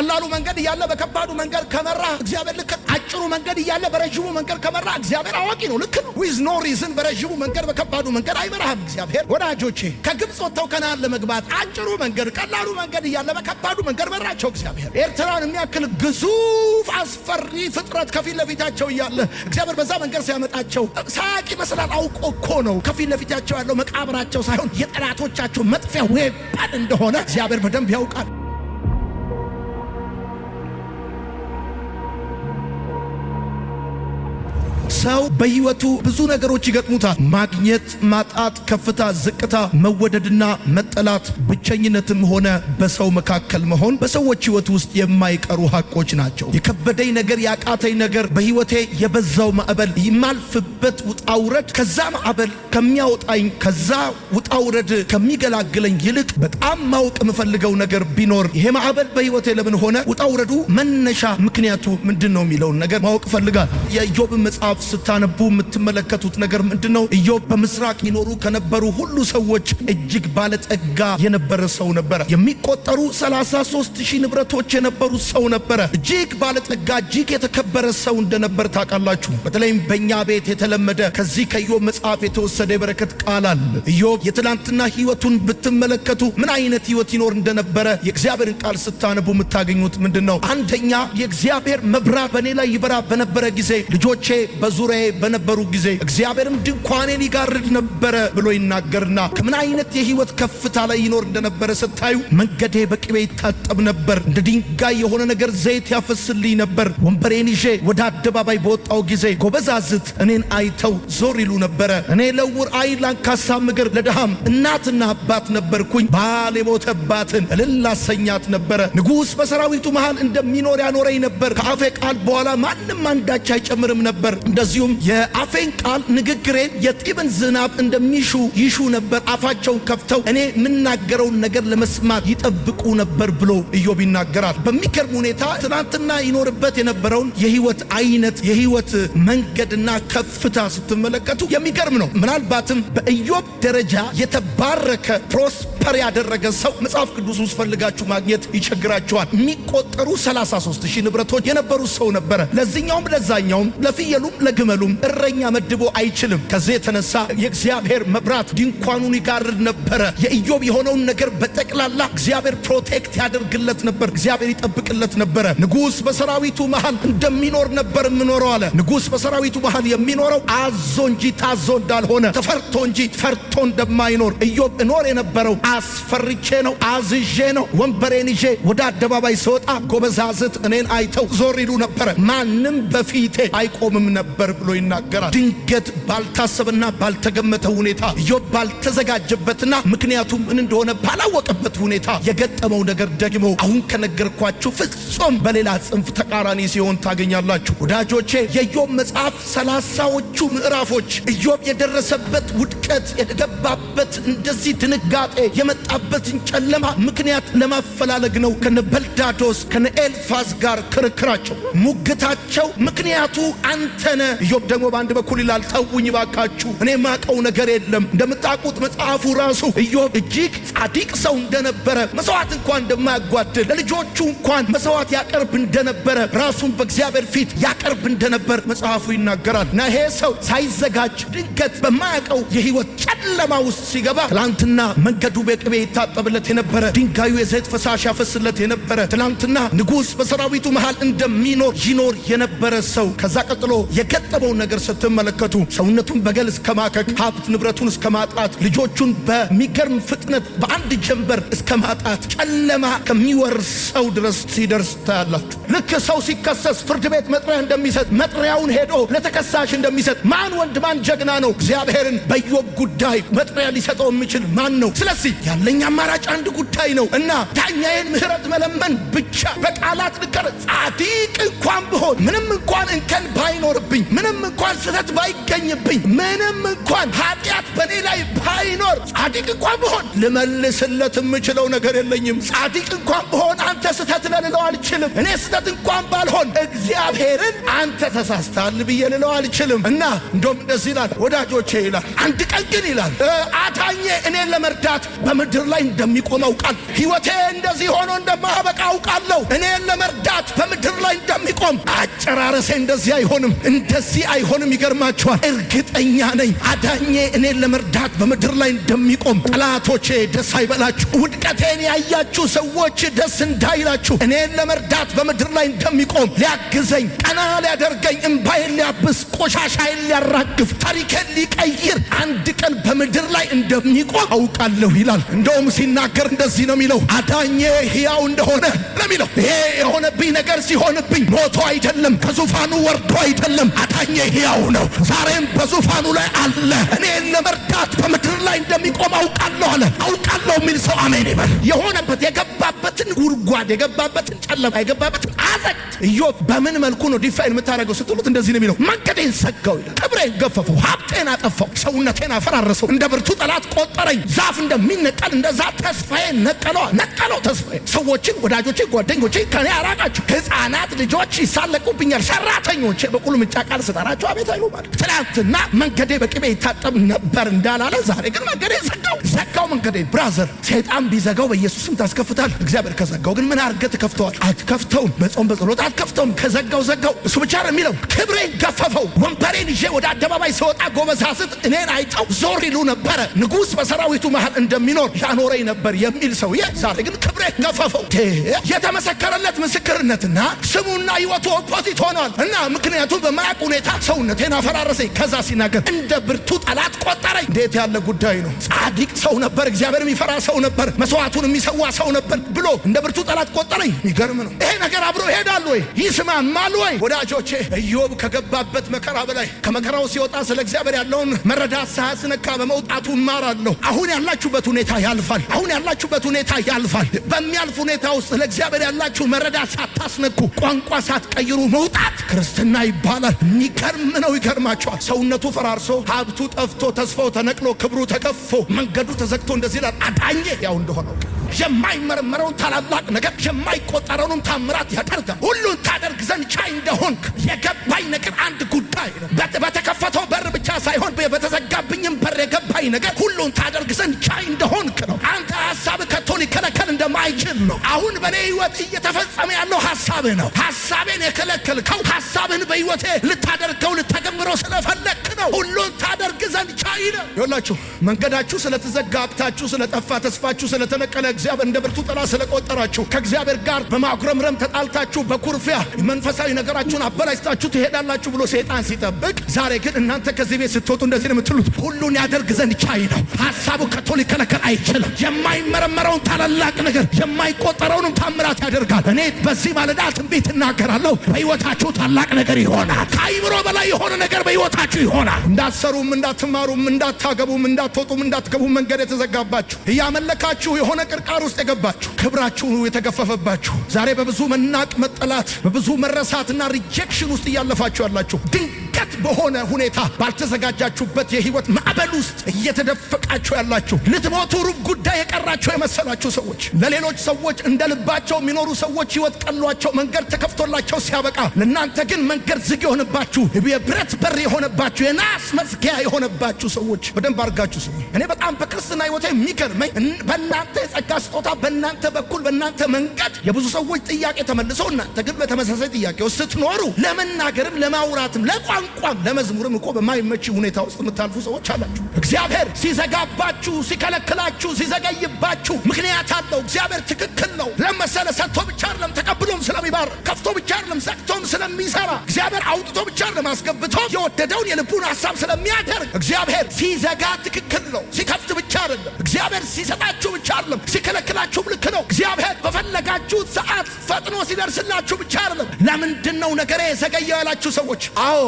በቀላሉ መንገድ እያለ በከባዱ መንገድ ከመራ እግዚአብሔር ልክ፣ አጭሩ መንገድ እያለ በረዥሙ መንገድ ከመራ እግዚአብሔር አዋቂ ነው፣ ልክ ነው። ዊዝ ኖ ሪዝን በረዥሙ መንገድ በከባዱ መንገድ አይመራህም እግዚአብሔር። ወዳጆቼ ከግብፅ ወጥተው ከነዓን ለመግባት አጭሩ መንገድ፣ ቀላሉ መንገድ እያለ በከባዱ መንገድ መራቸው እግዚአብሔር። ኤርትራን የሚያክል ግዙፍ አስፈሪ ፍጥረት ከፊት ለፊታቸው እያለ እግዚአብሔር በዛ መንገድ ሲያመጣቸው ሳያቅ ይመስላል። አውቆ እኮ ነው ከፊት ለፊታቸው ያለው መቃብራቸው ሳይሆን የጠላቶቻቸው መጥፊያ ዌፐን እንደሆነ እግዚአብሔር በደንብ ያውቃል። ሰው በህይወቱ ብዙ ነገሮች ይገጥሙታል። ማግኘት፣ ማጣት፣ ከፍታ፣ ዝቅታ፣ መወደድና መጠላት፣ ብቸኝነትም ሆነ በሰው መካከል መሆን በሰዎች ህይወት ውስጥ የማይቀሩ ሀቆች ናቸው። የከበደኝ ነገር፣ ያቃተኝ ነገር፣ በህይወቴ የበዛው ማዕበል፣ የማልፍበት ውጣውረድ ከዛ ማዕበል ከሚያወጣኝ ከዛ ውጣውረድ ከሚገላግለኝ ይልቅ በጣም ማወቅ የምፈልገው ነገር ቢኖር ይሄ ማዕበል በህይወቴ ለምን ሆነ፣ ውጣውረዱ መነሻ ምክንያቱ ምንድን ነው የሚለውን ነገር ማወቅ እፈልጋለሁ። የኢዮብን መጽሐፍ መጽሐፍ ስታነቡ የምትመለከቱት ነገር ምንድን ነው? ኢዮብ በምስራቅ ይኖሩ ከነበሩ ሁሉ ሰዎች እጅግ ባለጠጋ የነበረ ሰው ነበረ። የሚቆጠሩ 33 ሺህ ንብረቶች የነበሩ ሰው ነበረ። እጅግ ባለጠጋ እጅግ የተከበረ ሰው እንደነበር ታውቃላችሁ። በተለይም በእኛ ቤት የተለመደ ከዚህ ከኢዮብ መጽሐፍ የተወሰደ የበረከት ቃል አለ። ኢዮብ የትላንትና ህይወቱን ብትመለከቱ ምን አይነት ህይወት ይኖር እንደነበረ የእግዚአብሔርን ቃል ስታነቡ የምታገኙት ምንድን ነው? አንደኛ የእግዚአብሔር መብራት በእኔ ላይ ይበራ በነበረ ጊዜ ልጆቼ በ በዙሪያዬ በነበሩ ጊዜ እግዚአብሔርም ድንኳኔን ይጋርድ ነበረ ብሎ ይናገርና ከምን አይነት የህይወት ከፍታ ላይ ይኖር እንደነበረ ስታዩ መንገዴ በቅቤ ይታጠብ ነበር፣ እንደ ድንጋይ የሆነ ነገር ዘይት ያፈስልኝ ነበር። ወንበሬን ይዤ ወደ አደባባይ በወጣው ጊዜ ጎበዛዝት እኔን አይተው ዞር ይሉ ነበረ። እኔ ለውር አይ ላንካሳ እግር ለድሃም እናትና አባት ነበርኩኝ። ባል የሞተባትን እልል አሰኛት ነበረ። ንጉሥ በሰራዊቱ መሃል እንደሚኖር ያኖረኝ ነበር። ከአፌ ቃል በኋላ ማንም አንዳች አይጨምርም ነበር። እንደ እንደዚሁም የአፌን ቃል ንግግሬን የጢብን ዝናብ እንደሚሹ ይሹ ነበር። አፋቸውን ከፍተው እኔ የምናገረውን ነገር ለመስማት ይጠብቁ ነበር ብሎ ኢዮብ ይናገራል። በሚገርም ሁኔታ ትናንትና ይኖርበት የነበረውን የህይወት አይነት የህይወት መንገድና ከፍታ ስትመለከቱ የሚገርም ነው። ምናልባትም በኢዮብ ደረጃ የተባረከ ፕሮስ ቁጥጥር ያደረገ ሰው መጽሐፍ ቅዱስ ውስጥ ፈልጋችሁ ማግኘት ይቸግራችኋል። የሚቆጠሩ 33 ሺህ ንብረቶች የነበሩ ሰው ነበረ። ለዚኛውም ለዛኛውም ለፍየሉም ለግመሉም እረኛ መድቦ አይችልም። ከዚህ የተነሳ የእግዚአብሔር መብራት ድንኳኑን ይጋርድ ነበረ። የኢዮብ የሆነውን ነገር በጠቅላላ እግዚአብሔር ፕሮቴክት ያደርግለት ነበር። እግዚአብሔር ይጠብቅለት ነበረ። ንጉሥ በሰራዊቱ መሃል እንደሚኖር ነበር የምኖረው አለ። ንጉሥ በሰራዊቱ መሃል የሚኖረው አዞ እንጂ ታዞ እንዳልሆነ ተፈርቶ እንጂ ፈርቶ እንደማይኖር ኢዮብ እኖር የነበረው አስፈርቼ ነው፣ አዝዤ ነው። ወንበሬን ይዤ ወደ አደባባይ ስወጣ ጎበዛዝት እኔን አይተው ዞር ይሉ ነበረ። ማንም በፊቴ አይቆምም ነበር ብሎ ይናገራል። ድንገት ባልታሰበና ባልተገመተ ሁኔታ ኢዮብ ባልተዘጋጀበትና ምክንያቱም ምን እንደሆነ ባላወቀበት ሁኔታ የገጠመው ነገር ደግሞ አሁን ከነገርኳችሁ ፍጹም በሌላ ጽንፍ ተቃራኒ ሲሆን ታገኛላችሁ። ወዳጆቼ የኢዮብ መጽሐፍ ሰላሳዎቹ ምዕራፎች ኢዮብ የደረሰበት ውድቀት የገባበት እንደዚህ ድንጋጤ የመጣበትን ጨለማ ምክንያት ለማፈላለግ ነው። ከነ በልዳዶስ ከነ ኤልፋዝ ጋር ክርክራቸው፣ ሙግታቸው ምክንያቱ አንተነ። ኢዮብ ደግሞ በአንድ በኩል ይላል ተውኝ ባካችሁ፣ እኔ ማቀው ነገር የለም። እንደምታውቁት መጽሐፉ ራሱ ኢዮብ እጅግ ጻድቅ ሰው እንደነበረ መሥዋዕት እንኳን እንደማያጓድል ለልጆቹ እንኳን መሥዋዕት ያቀርብ እንደነበረ ራሱን በእግዚአብሔር ፊት ያቀርብ እንደነበር መጽሐፉ ይናገራል። እና ይሄ ሰው ሳይዘጋጅ ድንገት በማያቀው የህይወት ጨለማ ውስጥ ሲገባ ትላንትና መንገዱ በቅቤ ይታጠብለት የነበረ ድንጋዩ የዘይት ፈሳሽ ያፈስለት የነበረ ትናንትና ንጉሥ በሰራዊቱ መሃል እንደሚኖር ይኖር የነበረ ሰው ከዛ ቀጥሎ የገጠመውን ነገር ስትመለከቱ ሰውነቱን በገል እስከ ማከክ፣ ሀብት ንብረቱን እስከ ማጣት፣ ልጆቹን በሚገርም ፍጥነት በአንድ ጀንበር እስከ ማጣት ጨለማ ከሚወርሰው ድረስ ሲደርስ ታያላችሁ። ልክ ሰው ሲከሰስ ፍርድ ቤት መጥሪያ እንደሚሰጥ መጥሪያውን ሄዶ ለተከሳሽ እንደሚሰጥ ማን ወንድ ማን ጀግና ነው? እግዚአብሔርን በኢዮብ ጉዳይ መጥሪያ ሊሰጠው የሚችል ማን ነው? ስለዚህ ያለኝ አማራጭ አንድ ጉዳይ ነው እና ዳኛዬን ምህረት መለመን ብቻ በቃላት ልከር ጻዲቅ እንኳን ብሆን ምንም እንኳን እንከን ባይኖርብኝ፣ ምንም እንኳን ስህተት ባይገኝብኝ፣ ምንም እንኳን ኃጢአት በኔ ላይ ባይኖር፣ ጻዲቅ እንኳን ብሆን ልመልስለት የምችለው ነገር የለኝም። ጻዲቅ እንኳን ብሆን አንተ ስህተት ለልለው አልችልም። እኔ ስህተት እንኳን ባልሆን እግዚአብሔርን አንተ ተሳስታል ብዬ ልለው አልችልም። እና እንደውም እንደዚህ ይላል ወዳጆቼ ይላል አንድ ቀን ግን ይላል አታኜ እኔን ለመርዳት በምድር ላይ እንደሚቆም አውቃለሁ። ሕይወቴ እንደዚህ ሆኖ እንደማበቃ አውቃለሁ። እኔን ለመርዳት በምድር ላይ እንደሚቆም አጨራረሴ እንደዚህ አይሆንም፣ እንደዚህ አይሆንም። ይገርማቸዋል። እርግጠኛ ነኝ አዳኜ እኔን ለመርዳት በምድር ላይ እንደሚቆም። ጠላቶቼ ደስ አይበላችሁ፣ ውድቀቴን ያያችሁ ሰዎች ደስ እንዳይላችሁ። እኔን ለመርዳት በምድር ላይ እንደሚቆም ሊያግዘኝ፣ ቀና ሊያደርገኝ፣ እምባዬን ሊያብስ፣ ቆሻሻዬን ሊያራግፍ፣ ታሪኬን ሊቀይር አንድ ቀን በምድር ላይ እንደሚቆም አውቃለሁ ይላል። ይናገራል። እንደውም ሲናገር እንደዚህ ነው የሚለው፣ አዳኜ ሕያው እንደሆነ ነው የሚለው። ይሄ የሆነብኝ ነገር ሲሆንብኝ ሞቶ አይደለም፣ ከዙፋኑ ወርዶ አይደለም። አዳኜ ሕያው ነው፣ ዛሬም በዙፋኑ ላይ አለ። እኔ ለመርዳት በምድር ላይ እንደሚቆም አውቃለሁ አለ። አውቃለሁ የሚል ሰው አሜን ይበል። የሆነበት የገባበትን ጉድጓድ የገባበትን ጨለማ የገባበትን አዘቅት ኢዮብ በምን መልኩ ነው ዲፋይን የምታደርገው ስትሉት እንደዚህ ነው የሚለው፣ መንገዴን ዘጋው ይላል፣ ክብሬን ገፈፈው፣ ሀብቴን አጠፋው፣ ሰውነቴን አፈራረሰው፣ እንደ ብርቱ ጠላት ቆጠረኝ፣ ዛፍ እንደሚነ ለመነቀል እንደዛ ተስፋዬ ነቀለው ነቀለው ተስፋዬ ሰዎችን፣ ወዳጆች ጓደኞች ከኔ አራቃቸው ህፃናት ልጆች ይሳለቁብኛል። በቁሉ ምጫ ቃል ስጠራቸው አቤት አይሉ ማለት ትናንትና መንገዴ በቅቤ ይታጠብ ነበር እንዳላለ ዛሬ ግን መንገዴ ዘጋው ዘጋው መንገዴ። ብራዘር ሰይጣን ቢዘጋው በኢየሱስም ታስከፍታል። እግዚአብሔር ከዘጋው ግን ምን አርገ ትከፍተዋል? አትከፍተውም። በጾም በጸሎት አትከፍተውም። ከዘጋው ዘጋው። እሱ ብቻ ነው የሚለው። ክብሬን ገፈፈው። ወንበሬን ይዤ ወደ አደባባይ ሰወጣ ጎበዛዝት እኔን አይተው ዞር ይሉ ነበረ። ንጉሥ በሰራዊቱ መሃል እንደሚ የሚኖር ያኖረኝ ነበር የሚል ሰው ዛሬ ግን ገፈፈው። የተመሰከረለት ምስክርነትና ስሙና ህይወቱ ኦፖዚት ሆኗል እና ምክንያቱም በማያቅ ሁኔታ ሰውነቴን አፈራረሰኝ። ከዛ ሲናገር እንደ ብርቱ ጠላት ቆጠረኝ። እንዴት ያለ ጉዳይ ነው! ጻድቅ ሰው ነበር፣ እግዚአብሔር የሚፈራ ሰው ነበር፣ መስዋዕቱን የሚሰዋ ሰው ነበር ብሎ እንደ ብርቱ ጠላት ቆጠረኝ። የሚገርም ነው ይሄ ነገር። አብሮ ይሄዳል ወይ ይስማማል ወይ? ወዳጆቼ እዮብ ከገባበት መከራ በላይ ከመከራው ሲወጣ ስለ እግዚአብሔር ያለውን መረዳት ሳያስነካ በመውጣቱ እማራለሁ። አሁን ያላችሁበት ሁኔታ ያልፋል። አሁን ያላችሁበት ሁኔታ ያልፋል። በሚያልፍ ሁኔታ ውስጥ ለእግዚአብሔር ያላችሁ መረዳት ሳታስነኩ፣ ቋንቋ ሳትቀይሩ መውጣት ክርስትና ይባላል። የሚገርም ነው። ይገርማቸዋል። ሰውነቱ ፈራርሶ፣ ሀብቱ ጠፍቶ፣ ተስፋው ተነቅሎ፣ ክብሩ ተገፎ፣ መንገዱ ተዘግቶ እንደዚህ ላል አዳኘ ያው እንደሆነው የማይመረመረውን ታላላቅ ነገር የማይቆጠረውንም ታምራት ያደርጋል። ሁሉን ታደርግ ዘንድ ቻይ እንደሆንክ የገባኝ ነገር አንድ ጉዳይ ነው። በተከፈተው በር ብቻ ሳይሆን በተዘጋብኝም በር የገባኝ ነገር ሁሉን ታደርግ ዘንድ ቻይ እንደሆንክ ነው። አንተ ሀሳብ ከቶ ሊከለከል እንደማይችል ነው። አሁን በእኔ ህይወት እየተፈጸመ ያለው ሀሳብህ ነው። ሀሳቤን የከለከልከው ሀሳብህን በህይወቴ ልታደርገው ልታገምረው ስለፈለክ ነው። ሁሉን ታደርግ ዘንድ ቻይ ነው። ይላችሁ መንገዳችሁ ስለተዘጋ፣ ሀብታችሁ ስለጠፋ፣ ተስፋችሁ ስለተነቀለ እግዚአብሔር እንደ ብርቱ ጥላ ስለቆጠራችሁ ከእግዚአብሔር ጋር በማጉረምረም ተጣልታችሁ በኩርፊያ መንፈሳዊ ነገራችሁን አበላሽታችሁ ትሄዳላችሁ ብሎ ሰይጣን ሲጠብቅ፣ ዛሬ ግን እናንተ ከዚህ ቤት ስትወጡ እንደዚህ ነው የምትሉት። ሁሉን ያደርግ ዘንድ ቻይ ነው። ሀሳቡ ከቶ ሊከለከል አይችልም። የማይመረመረውን ታላላቅ ነገር የማይቆጠረውንም ታምራት ያደርጋል። እኔ በዚህ ማለዳ ትንቢት እናገራለሁ። በሕይወታችሁ ታላቅ ነገር ይሆናል። ከአይምሮ በላይ የሆነ ነገር በሕይወታችሁ ይሆናል። እንዳትሰሩም፣ እንዳትማሩም፣ እንዳታገቡም፣ እንዳትወጡም፣ እንዳትገቡም መንገድ የተዘጋባችሁ እያመለካችሁ የሆነ ቅርቃ ቃር ውስጥ የገባችሁ ክብራችሁ የተገፈፈባችሁ ዛሬ በብዙ መናቅ፣ መጠላት፣ በብዙ መረሳትና ሪጀክሽን ውስጥ እያለፋችሁ ያላችሁ ድንገት በሆነ ሁኔታ ባልተዘጋጃችሁበት የህይወት ማዕበል ውስጥ እየተደፈቃችሁ ያላችሁ ልትሞቱ ሩብ ጉዳይ የቀራችሁ የመሰላችሁ ሰዎች፣ ለሌሎች ሰዎች እንደ ልባቸው የሚኖሩ ሰዎች ህይወት ቀሏቸው መንገድ ተከፍቶላቸው ሲያበቃ፣ ለእናንተ ግን መንገድ ዝግ የሆነባችሁ የብረት በር የሆነባችሁ የናስ መዝጊያ የሆነባችሁ ሰዎች በደንብ አድርጋችሁ ስሙ። እኔ በጣም በክርስትና ህይወቴ የሚገርመኝ በእናንተ የጸጋ ስጦታ በእናንተ በኩል በእናንተ መንገድ የብዙ ሰዎች ጥያቄ ተመልሶ እናንተ ግን በተመሳሳይ ጥያቄ ስትኖሩ ለመናገርም ለማውራትም ለቋንቋ እንኳን ለመዝሙርም እኮ በማይመች ሁኔታ ውስጥ የምታልፉ ሰዎች አላችሁ። እግዚአብሔር ሲዘጋባችሁ፣ ሲከለክላችሁ፣ ሲዘገይባችሁ ምክንያት አለው። እግዚአብሔር ትክክል ነው። ለመሰለ ሰጥቶ ብቻ አይደለም ተቀብሎም ስለሚባር ከፍቶ ብቻ አይደለም ዘግቶም ስለሚሰራ እግዚአብሔር አውጥቶ ብቻ አይደለም አስገብቶ የወደደውን የልቡን ሀሳብ ስለሚያደርግ እግዚአብሔር ሲዘጋ ትክክል ነው። ሲከፍት ብቻ አይደለም እግዚአብሔር ሲሰጣችሁ ብቻ አይደለም ሲከለክላችሁ ልክ ነው። እግዚአብሔር በፈለጋችሁት ሰዓት ፈጥኖ ሲደርስላችሁ ብቻ አይደለም። ለምንድን ነው ነገሬ የዘገየው ያላችሁ ሰዎች አዎ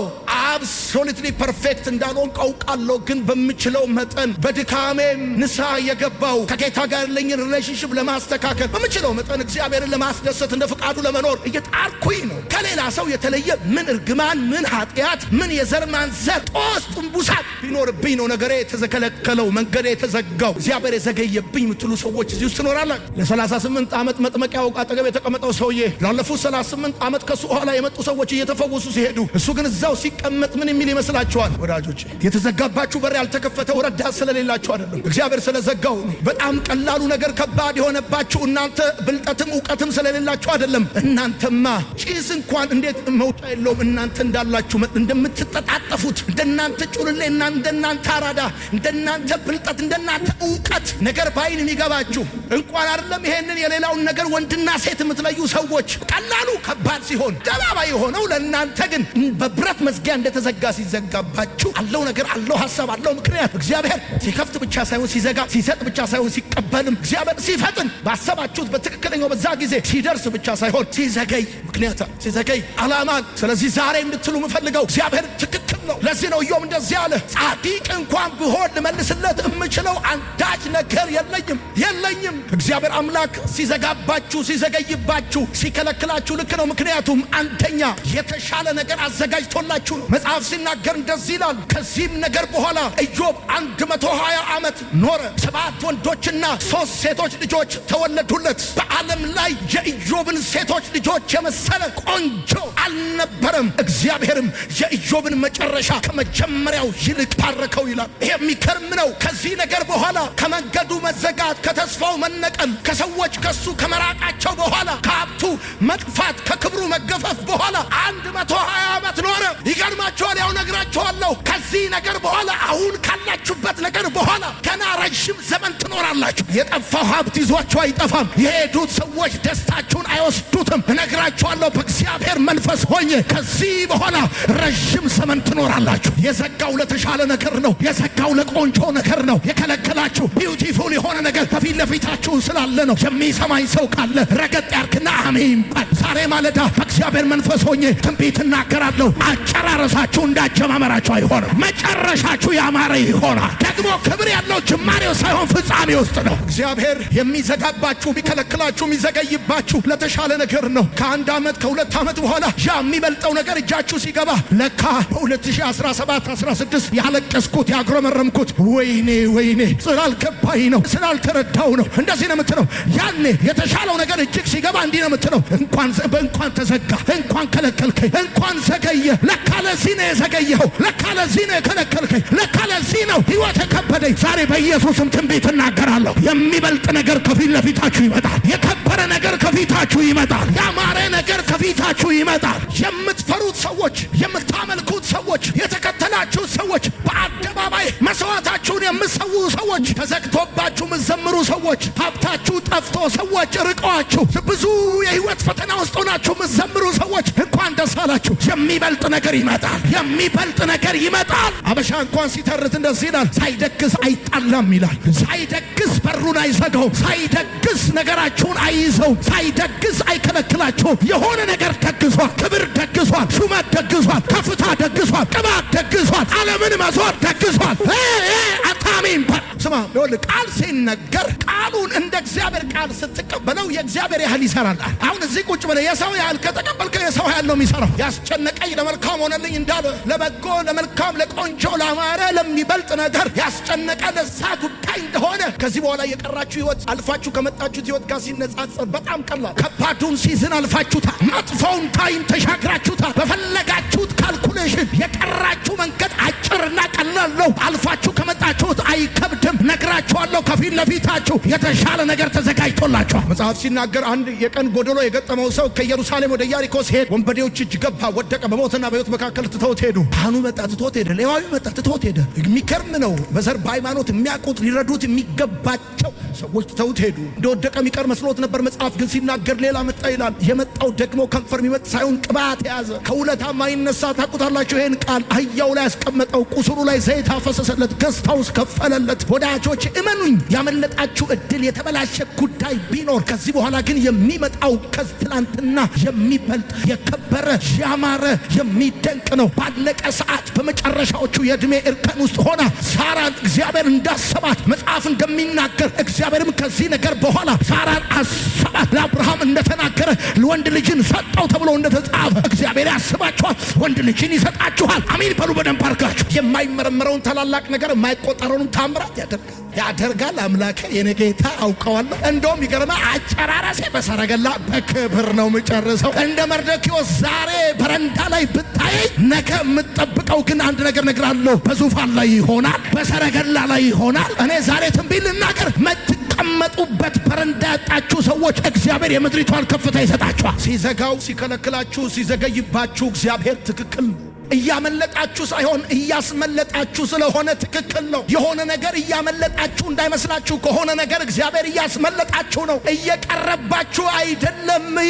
አብሶሉትሊ ፐርፌክት እንዳልሆን ቀውቃለሁ። ግን በምችለው መጠን በድካሜ ንስሐ የገባው ከጌታ ጋር ያለኝን ሪሌሽንሽፕ ለማስተካከል በምችለው መጠን እግዚአብሔርን ለማስደሰት እንደ ፈቃዱ ለመኖር እየጣርኩኝ ነው። ከሌላ ሰው የተለየ ምን እርግማን፣ ምን ኃጢአት፣ ምን የዘር ማንዘር ጦስ ጥንቡሳት ቢኖርብኝ ነው ነገሬ የተዘከለከለው መንገዴ የተዘጋው እግዚአብሔር የዘገየብኝ የምትሉ ሰዎች እዚህ ውስጥ ትኖራላችሁ። ለ38 ዓመት መጥመቂያው አጠገብ የተቀመጠው ሰውዬ ላለፉት 38 ዓመት ከሱ ኋላ የመጡ ሰዎች እየተፈወሱ ሲሄዱ እሱ ግን እዛው ሲቀ ስንቀመጥ ምን የሚል ይመስላችኋል? ወዳጆች የተዘጋባችሁ በር ያልተከፈተው ረዳት ስለሌላችሁ አይደለም፣ እግዚአብሔር ስለዘጋው በጣም ቀላሉ ነገር ከባድ የሆነባችሁ እናንተ ብልጠትም እውቀትም ስለሌላችሁ አይደለም። እናንተማ ጭስ እንኳን እንዴት መውጫ የለውም። እናንተ እንዳላችሁ እንደምትጠጣጠፉት፣ እንደናንተ ጩልሌ፣ እንደናንተ አራዳ፣ እንደናንተ ብልጠት፣ እንደናንተ እውቀት ነገር ባይን የሚገባችሁ እንኳን አይደለም ይሄንን የሌላውን ነገር ወንድና ሴት የምትለዩ ሰዎች ቀላሉ ከባድ ሲሆን ደባባ የሆነው ለእናንተ ግን በብረት መዝጊያ መዝጊያ እንደተዘጋ ሲዘጋባችሁ አለው ነገር አለው ሀሳብ አለው ምክንያት እግዚአብሔር ሲከፍት ብቻ ሳይሆን ሲዘጋ ሲሰጥ ብቻ ሳይሆን ሲቀበልም እግዚአብሔር ሲፈጥን ባሰባችሁት በትክክለኛው በዛ ጊዜ ሲደርስ ብቻ ሳይሆን ሲዘገይ ምክንያት ሲዘገይ አላማን ስለዚህ ዛሬ እንድትሉ የምፈልገው እግዚአብሔር ትክክል ነው። ለዚህ ነው ኢዮብ እንደዚህ አለ፣ ጻድቅ እንኳን ብሆን ልመልስለት የምችለው አንዳች ነገር የለኝም የለኝም። እግዚአብሔር አምላክ ሲዘጋባችሁ፣ ሲዘገይባችሁ፣ ሲከለክላችሁ ልክ ነው። ምክንያቱም አንደኛ የተሻለ ነገር አዘጋጅቶላችሁ ነው። መጽሐፍ ሲናገር እንደዚህ ይላል፣ ከዚህም ነገር በኋላ ኢዮብ አንድ መቶ ሀያ ዓመት ኖረ። ሰባት ወንዶችና ሶስት ሴቶች ልጆች ተወለዱለት። በዓለም ላይ የኢዮብን ሴቶች ልጆች የመሰለ ቆንጆ አልነበረም። እግዚአብሔርም የኢዮብን መጨረ መጨረሻ ከመጀመሪያው ይልቅ ባረከው ይላል። ይሄ የሚገርም ነው። ከዚህ ነገር በኋላ ከመንገዱ መዘጋት፣ ከተስፋው መነቀል፣ ከሰዎች ከሱ ከመራቃቸው በኋላ ከሀብቱ መጥፋት፣ ከክብሩ መገፈፍ በኋላ አንድ መቶ ሀያ ዓመት ኖረ። ይገርማችኋል። ያው ነግራችኋለሁ። ከዚህ ነገር በኋላ አሁን ካላችሁበት ነገር በኋላ ገና ረዥም ዘመን ትኖራላችሁ። የጠፋው ሀብት ይዟችሁ አይጠፋም። የሄዱት ሰዎች ደስታችሁን አይወስዱትም። እነግራችኋለሁ በእግዚአብሔር መንፈስ ሆኜ ከዚህ በኋላ ረዥም ዘመን ትኖ ትኖራላችሁ። የዘጋው ለተሻለ ነገር ነው። የዘጋው ለቆንጆ ነገር ነው። የከለከላችሁ ቢዩቲፉል የሆነ ነገር ከፊት ለፊታችሁ ስላለ ነው። የሚሰማኝ ሰው ካለ ረገጥ ያርክና አሜን በል። ዛሬ ማለዳ በእግዚአብሔር መንፈስ ሆኜ ትንቢት እናገራለሁ። አጨራረሳችሁ እንዳጀማመራችሁ አይሆንም። መጨረሻችሁ ያማረ ይሆናል። ደግሞ ክብር ያለው ጅማሬው ሳይሆን ፍጻሜ ውስጥ ነው። እግዚአብሔር የሚዘጋባችሁ የሚከለክላችሁ፣ የሚዘገይባችሁ ለተሻለ ነገር ነው። ከአንድ ዓመት ከሁለት ዓመት በኋላ ያ የሚበልጠው ነገር እጃችሁ ሲገባ ለካ በሁለት 2017 16 ያለቀስኩት ያግረመረምኩት ወይኔ ወይኔ ስላልገባኝ ነው ስላልተረዳው ነው። እንደዚህ ነው የምትለው። ያኔ የተሻለው ነገር እጅግ ሲገባ እንዲህ ነው የምትለው። እንኳን በእንኳን ተዘጋ፣ እንኳን ከለከልከኝ፣ እንኳን ዘገየ። ለካ ለዚህ ነው የዘገየኸው፣ ለካ ለዚህ ነው የከለከልከኝ፣ ለካ ለዚህ ነው ህይወት የከበደኝ። ዛሬ በኢየሱስም ትንቢት እናገራለሁ። የሚበልጥ ነገር ከፊት ለፊታችሁ ይመጣል። የከበረ ነገር ከፊታችሁ ይመጣል። ያማረ ነገር ከፊታችሁ ይመጣል። የምትፈሩት ሰዎች፣ የምታመልኩት ሰዎች የተቀ የተከተላችሁ ሰዎች፣ በአደባባይ መስዋዕታችሁን የምሰው ሰዎች፣ ተዘግቶባችሁ የምዘምሩ ሰዎች፣ ሀብታችሁ ጠፍቶ ሰዎች ርቀዋችሁ ብዙ የህይወት ፈተና ውስጥ ሆናችሁ የምዘምሩ ሰዎች እንኳን ደስ አላችሁ። የሚበልጥ ነገር ይመጣል። የሚበልጥ ነገር ይመጣል። አበሻ እንኳን ሲተርት እንደዚህ ይላል፣ ሳይደግስ አይጣላም ይላል። ሳይደግስ በሩን አይዘጋውም። ሳይደግስ ነገራችሁን አይይዘውም። ሳይደግስ አይከለክላችሁም። የሆነ ነገር ደግሷል። ክብር ደግሷል። ሹመት ደግሷል። ከፍታ ደግሷል። ቅባት ደግ ተክሷል። ዓለምን መዞር ተክሷል። አታሚን ስማ፣ ቃል ሲነገር ቃሉን እንደ እግዚአብሔር ቃል ስትቀበለው የእግዚአብሔር ያህል ይሰራል። አሁን እዚህ ቁጭ ብለህ የሰው ያህል ከተቀበልከው የሰው ያህል ነው የሚሰራው። ያስጨነቀኝ ለመልካም ሆነልኝ እንዳለ ለበጎ ለመልካም፣ ለቆንጆ፣ ለአማረ፣ ለሚበልጥ ነገር ያስጨነቀ ለዛ ጉዳይ እንደሆነ ከዚህ በኋላ የቀራችሁ ህይወት አልፋችሁ ከመጣችሁት ህይወት ጋር ሲነጻጸር በጣም ቀላል። ከባዱን ሲዝን አልፋችሁታል። መጥፎውን ታይም ተሻግራችሁታል። በፈለጋችሁት ካልኩ ኮንዲሽን የጠራችሁ መንገድ አጭርና ቀላል ነው። አልፋችሁ ከመጣችሁት አይከብድም። ነግራችኋለሁ። ከፊት ለፊታችሁ የተሻለ ነገር ተዘጋጅቶላችኋል። መጽሐፍ ሲናገር አንድ የቀን ጎደሎ የገጠመው ሰው ከኢየሩሳሌም ወደ ኢያሪኮ ሲሄድ ወንበዴዎች እጅ ገባ፣ ወደቀ። በሞትና በሕይወት መካከል ትተውት ሄዱ። ካህኑ መጣ፣ ትቶት ሄደ። ሌዋዊ መጣ፣ ትቶት ሄደ። የሚገርም ነው። በዘር በሃይማኖት የሚያውቁት ሊረዱት የሚገባቸው ሰዎች ትተውት ሄዱ። እንደወደቀ የሚቀር መስሎት ነበር። መጽሐፍ ግን ሲናገር ሌላ መጣ ይላል። የመጣው ደግሞ ከንፈር የሚመጥ ሳይሆን ቅባት የያዘ ከውለታማ ይነሳ ታቁታል ታውቃላችሁ፣ ይህን ቃል አህያው ላይ ያስቀመጠው ቁስሉ ላይ ዘይት አፈሰሰለት፣ ገዝታውስ ከፈለለት። ወዳጆች እመኑኝ፣ ያመለጣችሁ እድል፣ የተበላሸ ጉዳይ ቢኖር ከዚህ በኋላ ግን የሚመጣው ከዚህ የሚበልጥ የከበረ ያማረ የሚደንቅ ነው። ባለቀ ሰዓት በመጨረሻዎቹ የእድሜ እርከን ውስጥ ሆና ሳራን እግዚአብሔር እንዳሰባት መጽሐፍ እንደሚናገር እግዚአብሔርም ከዚህ ነገር በኋላ ሳራን አሰባት ለአብርሃም እንደተናገረ ወንድ ልጅን ሰጠው ተብሎ እንደተጻፈ እግዚአብሔር ያስባችኋል። ወንድ ልጅን ራሳችሁን ይሰጣችኋል። አሚን በሉ በደንብ አድርጋችሁ። የማይመረመረውን ታላላቅ ነገር የማይቆጠረውንም ታምራት ያደርጋል ያደርጋል አምላኬ የኔ ጌታ አውቀዋለሁ። እንደውም ይገርማ አጨራረሴ በሰረገላ በክብር ነው የምጨርሰው። እንደ መርዶኪዎስ ዛሬ በረንዳ ላይ ብታይ፣ ነገ የምጠብቀው ግን አንድ ነገር ነግራለሁ። በዙፋን ላይ ይሆናል፣ በሰረገላ ላይ ይሆናል። እኔ ዛሬ ትንቢት ልናገር መት ከምትቀመጡበት በረንዳ ያጣችሁ ሰዎች እግዚአብሔር የምድሪቷን ከፍታ ይሰጣችኋል። ሲዘጋው፣ ሲከለክላችሁ፣ ሲዘገይባችሁ እግዚአብሔር ትክክል እያመለጣችሁ ሳይሆን እያስመለጣችሁ ስለሆነ ትክክል ነው። የሆነ ነገር እያመለጣችሁ እንዳይመስላችሁ፣ ከሆነ ነገር እግዚአብሔር እያስመለጣችሁ ነው። እየቀረባችሁ አይደለም።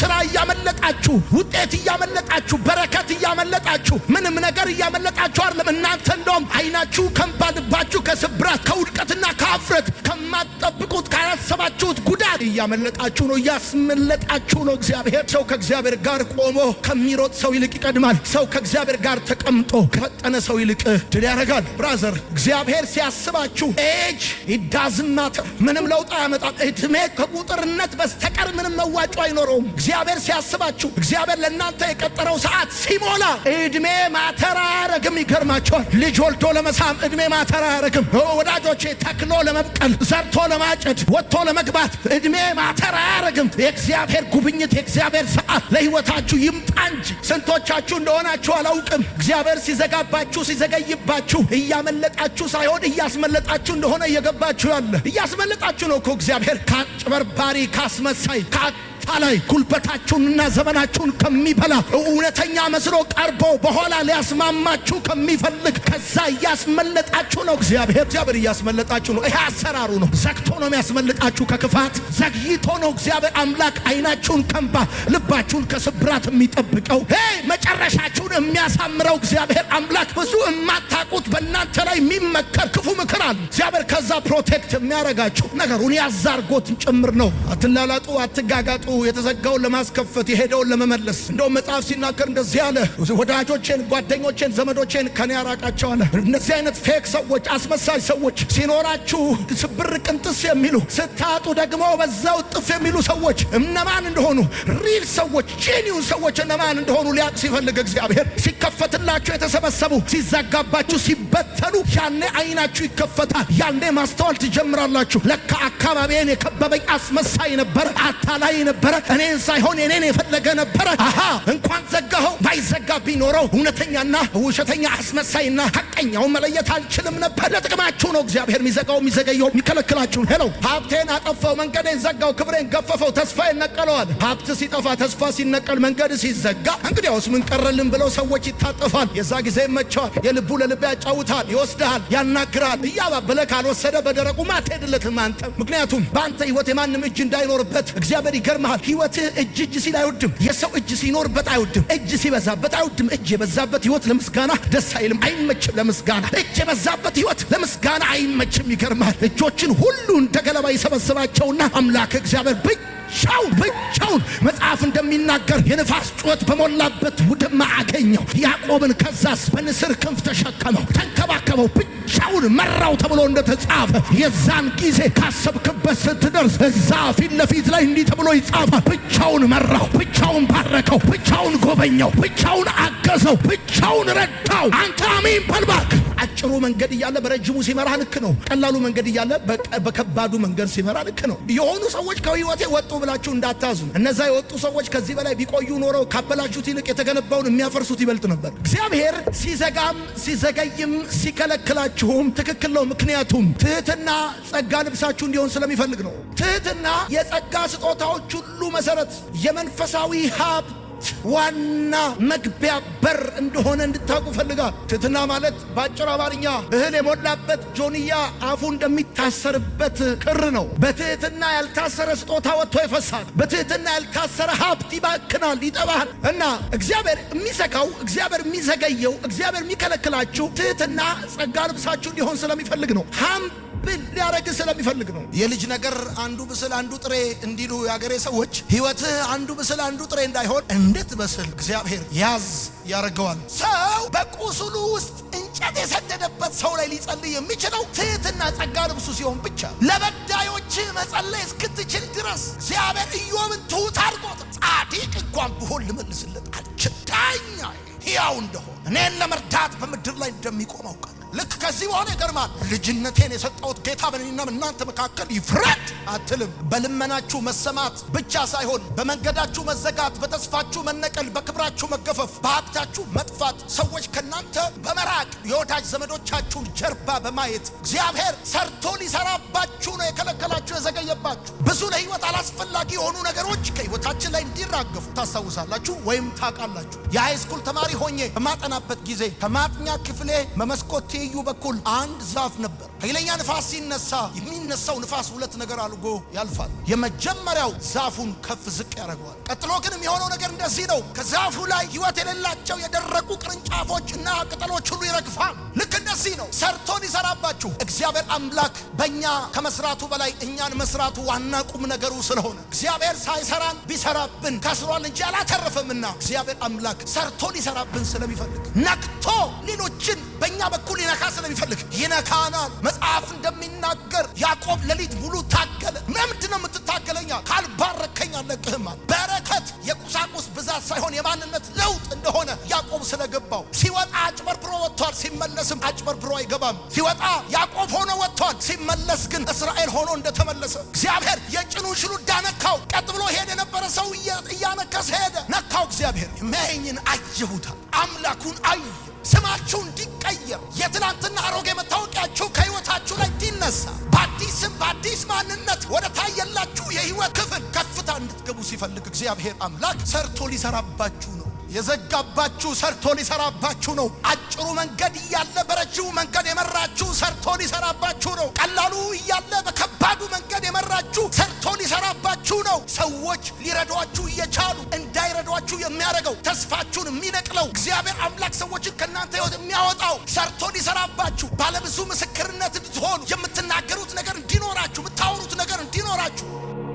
ስራ እያመለጣችሁ፣ ውጤት እያመለጣችሁ፣ በረከት እያመለጣችሁ፣ ምንም ነገር እያመለጣችሁ አይደለም። እናንተ እንደውም አይናችሁ ከምባልባችሁ ከስብራት ከውድቀትና ከአፍረት ከማትጠብቁት ካላሰባችሁት ጉዳት እያመለጣችሁ ነው። እያስመለጣችሁ ነው። እግዚአብሔር ሰው ከእግዚአብሔር ጋር ቆሞ ከሚሮጥ ሰው ይልቅ ይቀድማል። ሰው ከእግዚአብሔር ጋር ተቀምጦ ከፈጠነ ሰው ይልቅ ድል ያደርጋል። ብራዘር፣ እግዚአብሔር ሲያስባችሁ ኤጅ ይዳዝናት ምንም ለውጥ አያመጣም። እድሜ ከቁጥርነት በስተቀር ምንም መዋጮ አይኖረውም። እግዚአብሔር ሲያስባችሁ፣ እግዚአብሔር ለእናንተ የቀጠረው ሰዓት ሲሞላ እድሜ ማተር አያረግም። ይገርማቸዋል። ልጅ ወልዶ ለመሳም እድሜ ማተር አያረግም። ወዳጆቼ ተክሎ ለመብቀል ዘርቶ ለማጨድ ወጥቶ ለመግባት እድሜ ማተር አያረግም። የእግዚአብሔር ጉብኝት የእግዚአብሔር ሰዓት ለህይወታችሁ ይምጣ እንጂ ስንቶች እየተመቻችሁ እንደሆናችሁ አላውቅም። እግዚአብሔር ሲዘጋባችሁ፣ ሲዘገይባችሁ እያመለጣችሁ ሳይሆን እያስመለጣችሁ እንደሆነ እየገባችሁ ያለ እያስመለጣችሁ ነው እኮ እግዚአብሔር ከአጭበርባሪ ካስመሳይ ቦታ ላይ ጉልበታችሁንና ዘመናችሁን ከሚበላ እውነተኛ መስሎ ቀርቦ በኋላ ሊያስማማችሁ ከሚፈልግ ከዛ እያስመለጣችሁ ነው። እግዚአብሔር እግዚአብሔር እያስመለጣችሁ ነው። ይሄ አሰራሩ ነው። ዘግቶ ነው የሚያስመልጣችሁ ከክፋት ዘግይቶ ነው እግዚአብሔር አምላክ አይናችሁን ከንባ ልባችሁን ከስብራት የሚጠብቀው መጨረሻችሁን የሚያሳምረው እግዚአብሔር አምላክ ብዙ የማታቁት በእናንተ ላይ የሚመከር ክፉ ምክር አለ። እግዚአብሔር ከዛ ፕሮቴክት የሚያደርጋችሁ ነገሩን ያዛርጎት ጭምር ነው። አትላላጡ፣ አትጋጋጡ የተዘጋውን ለማስከፈት የሄደውን ለመመለስ እንደውም መጽሐፍ ሲናገር እንደዚህ አለ፣ ወዳጆቼን፣ ጓደኞቼን፣ ዘመዶቼን ከኔ ያራቃቸው አለ። እነዚህ አይነት ፌክ ሰዎች፣ አስመሳይ ሰዎች ሲኖራችሁ ስብር ቅንጥስ የሚሉ ስታጡ ደግሞ በዛው ጥፍ የሚሉ ሰዎች እነማን እንደሆኑ ሪል ሰዎች፣ ጄኒውን ሰዎች እነማን እንደሆኑ ሊያቅ ሲፈልግ እግዚአብሔር ሲከፈትላችሁ የተሰበሰቡ ሲዘጋባችሁ ሲበተኑ ያኔ አይናችሁ ይከፈታል። ያኔ ማስተዋል ትጀምራላችሁ። ለካ አካባቢን የከበበኝ አስመሳይ ነበር፣ አታላይ ነበር ነበረ። እኔን ሳይሆን እኔን የፈለገ ነበረ። አሀ እንኳን ዘጋኸው። ባይዘጋ ቢኖረው እውነተኛና ውሸተኛ አስመሳይና ሀቀኛውን መለየት አልችልም ነበር። ለጥቅማችሁ ነው እግዚአብሔር የሚዘጋው የሚዘገየው የሚከለክላችሁ። ሄለው ሀብቴን አጠፋው፣ መንገዴን ዘጋው፣ ክብሬን ገፈፈው፣ ተስፋ ይነቀለዋል። ሀብት ሲጠፋ፣ ተስፋ ሲነቀል፣ መንገድ ሲዘጋ እንግዲያውስ ምን ቀረልን ብለው ሰዎች ይታጠፋል። የዛ ጊዜ ይመቸዋል። የልቡ ለልብ ያጫውታል፣ ይወስድሃል፣ ያናግራል። እያባበለ ካልወሰደ በደረቁ ማትሄድለትም አንተ። ምክንያቱም በአንተ ህይወት የማንም እጅ እንዳይኖርበት እግዚአብሔር ይገርመሃል። ይገባል። ህይወትህ እጅ እጅ ሲል አይወድም። የሰው እጅ ሲኖርበት አይወድም። እጅ ሲበዛበት አይወድም። እጅ የበዛበት ህይወት ለምስጋና ደስ አይልም፣ አይመችም። ለምስጋና እጅ የበዛበት ህይወት ለምስጋና አይመችም። ይገርማል። እጆችን ሁሉ እንደ ገለባ ይሰበስባቸውና አምላክ እግዚአብሔር ብቻ ብቻው ብቻውን መጽሐፍ እንደሚናገር የንፋስ ጩኸት በሞላበት ውድማ አገኘው። ያዕቆብን ከዛስ በንስር ክንፍ ተሸከመው፣ ተንከባከበው፣ ብቻውን መራው ተብሎ እንደተጻፈ የዛን ጊዜ ካሰብክበት ስትደርስ እዛ ፊት ለፊት ላይ እንዲህ ተብሎ ይጻፋል። ብቻውን መራው፣ ብቻውን ባረከው፣ ብቻውን ጎበኘው፣ ብቻውን አገዘው፣ ብቻውን ረዳው። አንተ አሜን በልባክ አጭሩ መንገድ እያለ በረጅሙ ሲመራ ልክ ነው። ቀላሉ መንገድ እያለ በከባዱ መንገድ ሲመራ ልክ ነው። የሆኑ ሰዎች ከህይወቴ ወጡ ብላችሁ እንዳታዙ። እነዛ የወጡ ሰዎች ከዚህ በላይ ቢቆዩ ኖረው ካበላሹት ይልቅ የተገነባውን የሚያፈርሱት ይበልጥ ነበር። እግዚአብሔር ሲዘጋም ሲዘገይም ሲከለክላችሁም ትክክል ነው። ምክንያቱም ትህትና ጸጋ ልብሳችሁ እንዲሆን ስለሚፈልግ ነው። ትህትና የጸጋ ስጦታዎች ሁሉ መሰረት የመንፈሳዊ ሀብት ዋና መግቢያ በር እንደሆነ እንድታውቁ ፈልጋል። ትህትና ማለት በአጭር አማርኛ እህል የሞላበት ጆንያ አፉ እንደሚታሰርበት ክር ነው። በትህትና ያልታሰረ ስጦታ ወጥቶ ይፈሳል። በትህትና ያልታሰረ ሀብት ይባክናል፣ ይጠባል። እና እግዚአብሔር የሚዘጋው እግዚአብሔር የሚዘገየው እግዚአብሔር የሚከለክላችሁ ትህትና ጸጋ ልብሳችሁ እንዲሆን ስለሚፈልግ ነው። እንድንሆንብን ሊያረግ ስለሚፈልግ ነው። የልጅ ነገር አንዱ ብስል አንዱ ጥሬ እንዲሉ የአገሬ ሰዎች ህይወትህ አንዱ ብስል አንዱ ጥሬ እንዳይሆን በስል እግዚአብሔር ያዝ ያደርገዋል። ሰው በቁስሉ ውስጥ እንጨት የሰደደበት ሰው ላይ ሊጸልይ የሚችለው ትህትና ጸጋ ልብሱ ሲሆን ብቻ ለበዳዮች መጸለይ እስክትችል ድረስ እግዚአብሔር ኢዮብን ትሑት አድርጎት ጻዲቅ እንኳን ብሆን ልመልስለት አልችል ዳኛ ያው እንደሆነ እኔን ለመርዳት በምድር ላይ እንደሚቆም አውቃል። ልክ ከዚህ በኋላ ይገርማል። ልጅነቴን የሰጠሁት ጌታ በእኔና እናንተ መካከል ይፍረድ አትልም። በልመናችሁ መሰማት ብቻ ሳይሆን በመንገዳችሁ መዘጋት፣ በተስፋችሁ መነቀል፣ በክብራችሁ መገፈፍ፣ በሀብታችሁ መጥፋት፣ ሰዎች ከእናንተ በመራቅ የወዳጅ ዘመዶቻችሁን ጀርባ በማየት እግዚአብሔር ሰርቶ ሊሰራባችሁ ነው የከለከላችሁ የዘገየባችሁ ብዙ ለህይወት አላስፈላጊ የሆኑ ነገሮች ከህይወታችን ላይ እንዲራገፉ ታስታውሳላችሁ ወይም ታውቃላችሁ። የሃይስኩል ተማሪ ሆኜ በማጠናበት ጊዜ ከማጥኛ ክፍሌ መመስኮቴ በእሴዩ በኩል አንድ ዛፍ ነበር። ኃይለኛ ንፋስ ሲነሳ የሚነሳው ንፋስ ሁለት ነገር አልጎ ያልፋል። የመጀመሪያው ዛፉን ከፍ ዝቅ ያደርገዋል። ቀጥሎ ግን የሚሆነው ነገር እንደዚህ ነው። ከዛፉ ላይ ሕይወት የሌላቸው የደረቁ ቅርንጫፎች እና ቅጠሎች ሁሉ ይረግፋል። ልክ እንደዚህ ነው ሰርቶን ይሰራባችሁ። እግዚአብሔር አምላክ በእኛ ከመስራቱ በላይ እኛን መስራቱ ዋና ቁም ነገሩ ስለሆነ እግዚአብሔር ሳይሰራን ቢሰራብን ከስሯል እንጂ አላተረፈምና እግዚአብሔር አምላክ ሰርቶን ይሰራብን ስለሚፈልግ ነቅቶ ሌሎችን በእኛ በኩል ይነካ ስለሚፈልግ ይነካናል። መጽሐፍ እንደሚናገር ያዕቆብ ሌሊት ሙሉ ታገለ። ለምንድን ነው የምትታገለኛ? ካልባረከኝ አለቅህማ። በረከት የቁሳቁስ ብዛት ሳይሆን የማንነት ለውጥ እንደሆነ ያዕቆብ ስለገባው ሲወጣ አጭበርብሮ ወጥቷል፣ ሲመለስም አጭበርብሮ አይገባም። ሲወጣ ያዕቆብ ሆኖ ወጥቷል፣ ሲመለስ ግን እስራኤል ሆኖ እንደተመለሰ እግዚአብሔር የጭኑ ሽሉዳ ነካው። ቀጥ ብሎ ሄደ የነበረ ሰው እያነከሰ ሄደ፣ ነካው እግዚአብሔር። መሄኝን አየሁታል፣ አምላኩን አየ። ስማችሁ እንዲቀየር የትናንትና አሮጌ መታ ሲፈልግ እግዚአብሔር አምላክ ሰርቶ ሊሰራባችሁ ነው። የዘጋባችሁ ሰርቶ ሊሰራባችሁ ነው። አጭሩ መንገድ እያለ በረጅሙ መንገድ የመራችሁ ሰርቶ ሊሰራባችሁ ነው። ቀላሉ እያለ በከባዱ መንገድ የመራችሁ ሰርቶ ሊሰራባችሁ ነው። ሰዎች ሊረዷችሁ እየቻሉ እንዳይረዷችሁ የሚያደርገው ተስፋችሁን የሚነቅለው እግዚአብሔር አምላክ ሰዎችን ከእናንተ ሕይወት የሚያወጣው ሰርቶ ሊሰራባችሁ ባለብዙ ምስክርነት እንድትሆኑ የምትናገሩት ነገር እንዲኖራችሁ፣ የምታወሩት ነገር እንዲኖራችሁ